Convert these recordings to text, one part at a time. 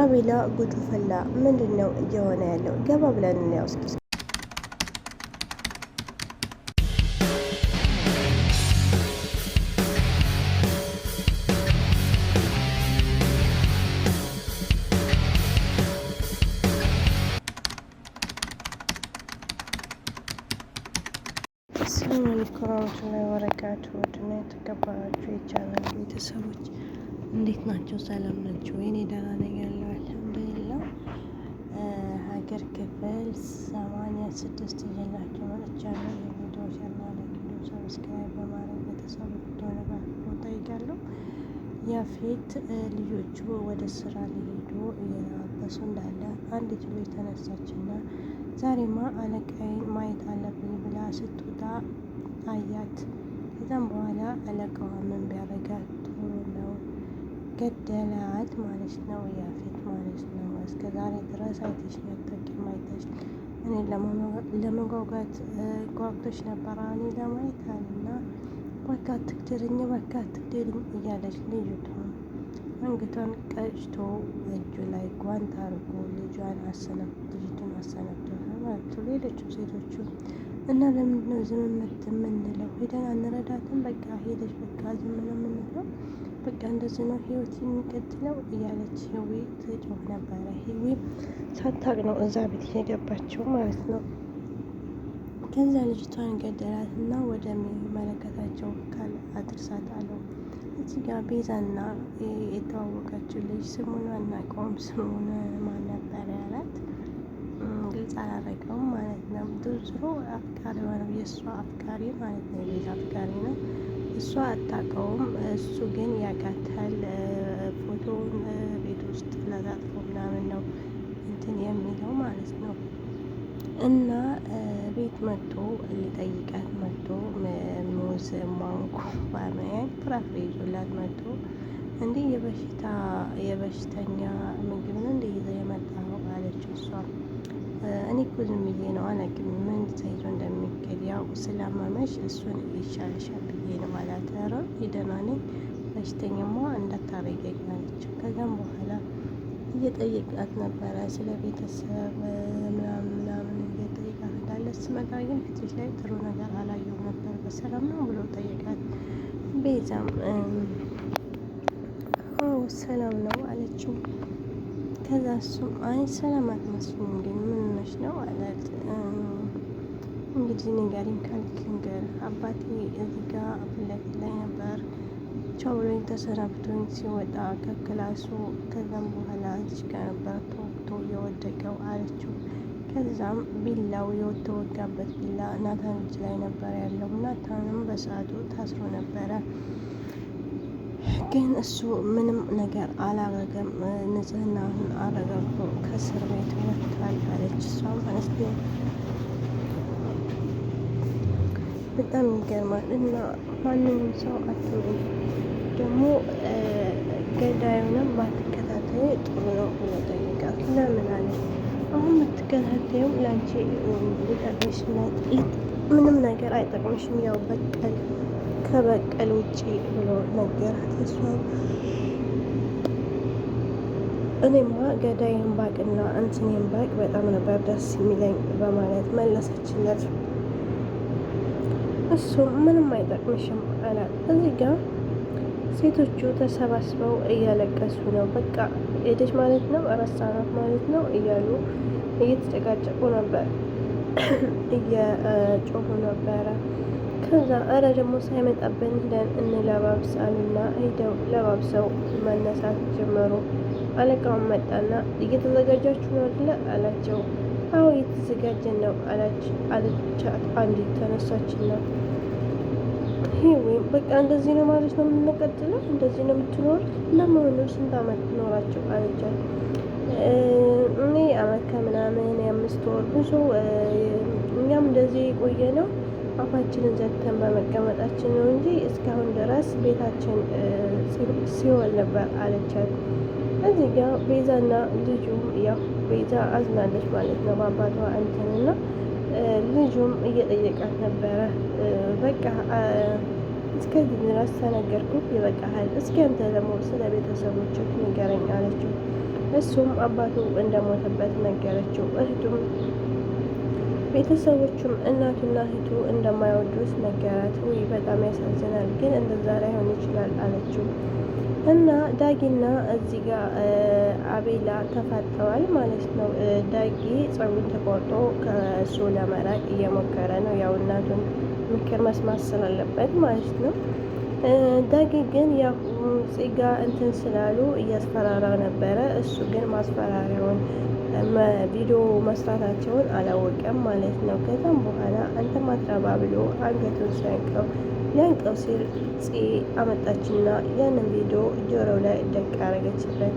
አቤላ ጉዱ ፈላ። ምንድን ነው እየሆነ ያለው? ገባ ብለን ነው እስኪ ሰላም አለይኩም ወረህመቱላሂ ወበረካቱህ። ውድና የተከበራችሁ የቻናል ቤተሰቦች እንዴት ናቸው? ሰላም ናቸው? ወይኔ ደህና ነኝ ያለው አልሐምዱሊላህ። ሀገር ክፍል ሰማንያ ስድስት እየላቸው መጥቻለሁ። የቪዲዮ ቻናል ቪዲዮ ሰብስክራይብ በማድረግ ቤተሰብ ደረባል ጠይቃለሁ። ያፌት ልጆቹ ወደ ስራ ሊሄዱ እየተባበሱ እንዳለ አንዲት ልጅ ተነሳችና ዛሬማ አለቃዬን ማየት አለብኝ ብላ ስትወጣ አያት። ከዛም በኋላ አለቃዋ ምን ቢያደርጋት ጥሩ ነው ገደላት ማለት ነው። ያፌት ማለት ነው። እስከ ዛሬ ድረስ አይተሽ አታውቂም። አይተሽ እኔ ለመጓጓት ጓጉተሽ ነበረ እኔ ለማየት እና በቃ አትግደልኝ፣ በቃ አትግደልኝ እያለች ልጅቷን አንገቷን ቀጭቶ እጁ ላይ ጓንት አድርጎ ልጇን ልጅቱን አሰነብቶ ሌሎቹ ሴቶቹ እና ለምንድነው ዝም የምትለው? ሄደን አንረዳትም። በቃ ሄደች በቃ ዝም ነው የምንለው በቃ እንደዚህ ነው ህይወት የሚቀጥለው እያለች ህዊ ትጮህ ነበረ። ህዊ ሳታቅ ነው እዛ ቤት የገባችው ማለት ነው። ከዛ ልጅቷን ገደላት እና ወደሚመለከታቸው ካል አድርሳት አለው። እዚህ ጋር ቤዛና የተዋወቀችው ልጅ ስሙን አናውቀውም። ስሙን ማን ነበረ ያላት ግልጽ አላረገውም ማለት ነው። ድሮ አፍቃሪዋ ነው፣ የእሷ አፍቃሪ ማለት ነው። የቤዛ አፍቃሪ ነው። እሷ አታውቀውም፣ እሱ ግን ያውቃታል። ፎቶውን ቤት ውስጥ ለጣጥፎ ምናምን ነው እንትን የሚለው ማለት ነው። እና ቤት መጥቶ ሊጠይቃት መጥቶ ሙዝ፣ ማንጎ፣ ባናና ፍራፍሬ ይዞላት መጥቶ እንዲህ የበሽታ የበሽተኛ ምግብ ነው እንዴ ይዘህ የመጣኸው? አለችው እሷ እኔ እኮ ዝም ብዬ ነው አላውቅም ምን ተይዞ እንደሚገድ ያው ስላመመሽ እሱን ይሻልሻል አልሄድ ማለት ኧረ ደህና ነኝ በሽተኛማ እንዳታረገኝ አለች። ከዛም በኋላ እየጠየቃት ነበረ ስለ ቤተሰብ ምናምን ምናምን እየጠየቃት እንዳለ ስመጣ ግን ፊትሽ ላይ ጥሩ ነገር አላየሁም ነበር በሰላም ነው ብሎ ጠየቃት። ቤዛም አዎ ሰላም ነው አለችው። ከዛ እሱም አይ ሰላም አትመስሉም ግን ምን ሆነሽ ነው አላት። እንግዲህ ንገሪኝ ካልክ ልንገር። አባቴ እዚህ ጋ ፍለፊት ላይ ነበር ቻው ብሎኝ ተሰናብቶኝ ሲወጣ ከክላሱ። ከዛም በኋላ እዚህ ጋ ነበር ተወግቶ የወደቀው አለችው። ከዛም ቢላው የተወጋበት ቢላ ናታን እጅ ላይ ነበር ያለው። ናታንም በሰዓቱ ታስሮ ነበረ፣ ግን እሱ ምንም ነገር አላረገም። ንጽህናውን አረጋግጦ ከእስር ቤት ወጥቷል አለች እሷም አነስቴ በጣም ይገርማል። እና ማንም ሰው አትሩ ደግሞ ገዳዩንም ባትከታተዩ ጥሩ ነው ብሎ ጠይቃት። ለምን አለ አሁን የምትከታተዩ ለአንቺ ሊጠቅምሽ ምንም ነገር አይጠቅምሽም፣ ያው በቀል ከበቀል ውጭ ብሎ ነገራት። እሷም እኔማ ገዳይን ባቅና እንትን ባቅ በጣም ነበር ደስ የሚለኝ በማለት መለሰችለት። እሱ ምንም አይጠቅምሽም አላት። እዚህ ጋር ሴቶቹ ተሰባስበው እያለቀሱ ነው። በቃ ሄደች ማለት ነው አረሳናት ማለት ነው እያሉ እየተጨቃጨቁ ነበር፣ እየጮሁ ነበረ። ከዛ እረ ደግሞ ሳይመጣብን ሂደን እንለባብስ አሉና ሂደው ለባብሰው መነሳት ጀመሩ። አለቃውን መጣና እየተዘጋጃችሁ ነው አይደለ አላቸው። አዎ የተዘጋጀን ነው አለቻት። ተነሳች ተነሳችና ወይም በቃ እንደዚህ ነው ማለት ነው የምንቀጥለው፣ እንደዚህ ነው የምትኖር። ለመሆኑ ስንት አመት ኖራቸው አለቻት። እኔ አመት ከምናምን የአምስት ወር ብዙ እኛም እንደዚህ የቆየ ነው አፋችንን ዘግተን በመቀመጣችን ነው እንጂ እስካሁን ድረስ ቤታችን ሲሆን ነበር አለቻት። እዚህ ጋር ቤዛና ልጁ ያው ቤዛ አዝናለች ማለት ነው በአባቷ እና ልጁም እየጠየቃት ነበረ። በቃ እስከዚህ ድረስ ተነገርኩት ይበቃሃል፣ እስኪ አንተ ደግሞ ስለ ቤተሰቦች ንገረኝ አለችው። እሱም አባቱ እንደሞተበት ነገረችው። እህቱም ቤተሰቦቹም እናቱና እህቱ እንደማይወዱት ነገራት። ውይ በጣም ያሳዝናል፣ ግን እንደዛ ላይሆን ይችላል አለችው። እና ዳጊና እዚህ ጋር አቤላ ተፋጠዋል ማለት ነው። ዳጊ ጸጉር ተቆርጦ ከእሱ ለመራቅ እየሞከረ ነው። ያው እናቱን ምክር መስማት ስላለበት ማለት ነው። ዳጊ ግን ያው ጽጋ እንትን ስላሉ እያስፈራራ ነበረ። እሱ ግን ማስፈራሪያውን ቪዲዮ መስራታቸውን አላወቀም ማለት ነው። ከዛም በኋላ አንተ ማትረባ ብሎ አንገቱን ሲያንቀው ሊያንቀው ሲል ፅ አመጣችና ያንን ቪዲዮ ጆሮው ላይ ደቅ አረገችበት።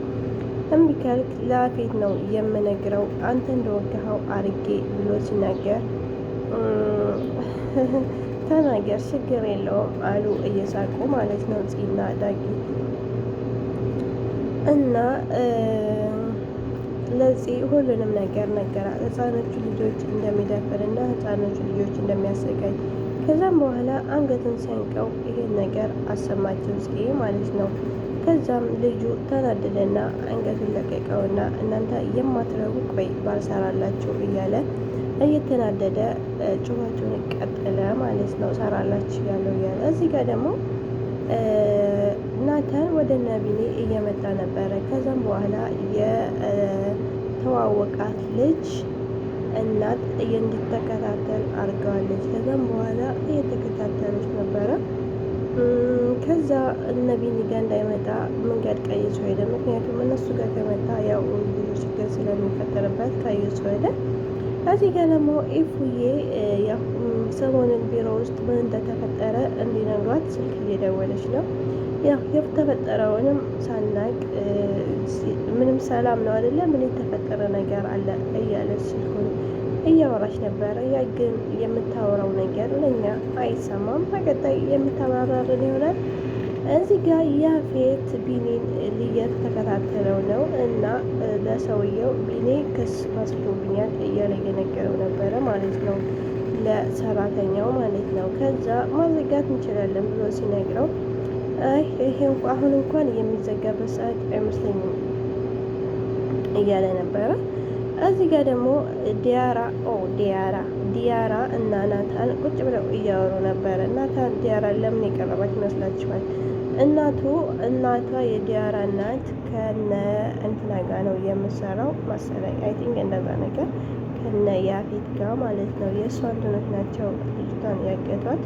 እምቢከልክ ለአፌት ነው የምነግረው አንተ እንደወገኸው አርጌ ብሎ ሲናገር ተናገር ችግር የለውም አሉ እየሳቁ ማለት ነው ፅና ዳጊ እና ለዚህ ሁሉንም ነገር ነገራ ህፃኖቹ ልጆች እንደሚደፍር እንደሚደፍርና ህፃኖቹ ልጆች እንደሚያሰቃይ ከዛም በኋላ አንገትን ሰንቀው ይሄን ነገር አሰማቸው ጽ ማለት ነው። ከዛም ልጁ ተናደደና አንገቱን ለቀቀውና እናንተ የማትረቡ ቆይ ባልሰራላችሁ እያለ እየተናደደ ጩኸቱን ቀጠለ ማለት ነው። ሰራላችሁ ያለው እያለ እዚህ ጋር ደግሞ ናታን ወደ ነቢኔ እየመጣ ነበረ። ከዛም በኋላ የተዋወቃት ልጅ እናት እንድትከታተል አድርገዋለች። ከዛም በኋላ እየተከታተለች ነበረ። ከዛ ነቢኒ ጋር እንዳይመጣ መንገድ ቀይሶ ሄደ። ምክንያቱም እነሱ ጋር ከመጣ ያው ብዙ ችግር ስለሚፈጠርበት ቀይሶ ሄደ። ከዚህ ጋር ደግሞ ኢፉዬ ሰሞኑን ቢሮ ውስጥ ምን እንደተፈጠረ እንዲነግሯት ስልክ እየደወለች ነው። ያው የተፈጠረውንም ሳናቅ ምንም ሰላም ነው አይደለ? ምን የተፈጠረ ነገር አለ እያለች ስልኩን እያወራች ነበረ። ያ ግን የምታወራው ነገር ለእኛ አይሰማም። በቀጣይ የምታባራርን ይሆናል። እዚህ ጋር ያፌት ቢኒን ተከታተለው ነው እና ለሰውየው ቢኔ ክስ መስሎብኛል እያለ እየነገረው ነበረ ማለት ነው። ለሰራተኛው ማለት ነው። ከዛ ማዘጋት እንችላለን ብሎ ሲነግረው ይሄ እንኳ አሁን እንኳን የሚዘጋበት ሰዓት አይመስለኝም እያለ ነበረ። እዚህ ጋር ደግሞ ዲያራ ኦ ዲያራ ዲያራ እና ናታን ቁጭ ብለው እያወሩ ነበረ። ናታን ዲያራ ለምን የቀረባች ይመስላችኋል? እናቱ እናቷ የዲያራ እናት ከነ እንትና ነው የምሰራው መሰለኝ፣ አይ ቲንክ እንደዛ ነገር እና የአፌት ጋር ማለት ነው። የእሷ አንድነት ናቸው ልጅቷን ያገቷት።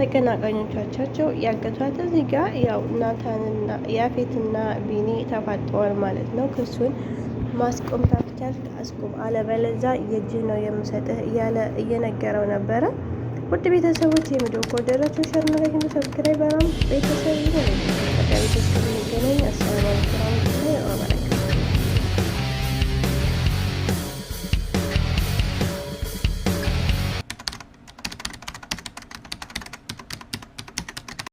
ተቀናቃኞቻቸው ያገቷት። እዚህ ጋር ያው ናታንና የአፌትና ቢኒ ተፋጠዋል ማለት ነው። ክሱን ማስቆም ታፍቻል አስቁም፣ አለበለዛ የእጅህ ነው የምሰጥህ እያለ እየነገረው ነበረ። ውድ ቤተሰቦች የምድር ከወደዳችሁ ሸር ማድረግ፣ ሰብስክራይብ ቤተሰብ ይሆናል። ቀጣይ ቤተሰብ እንገናኝ። አሰላሙ አለይኩም።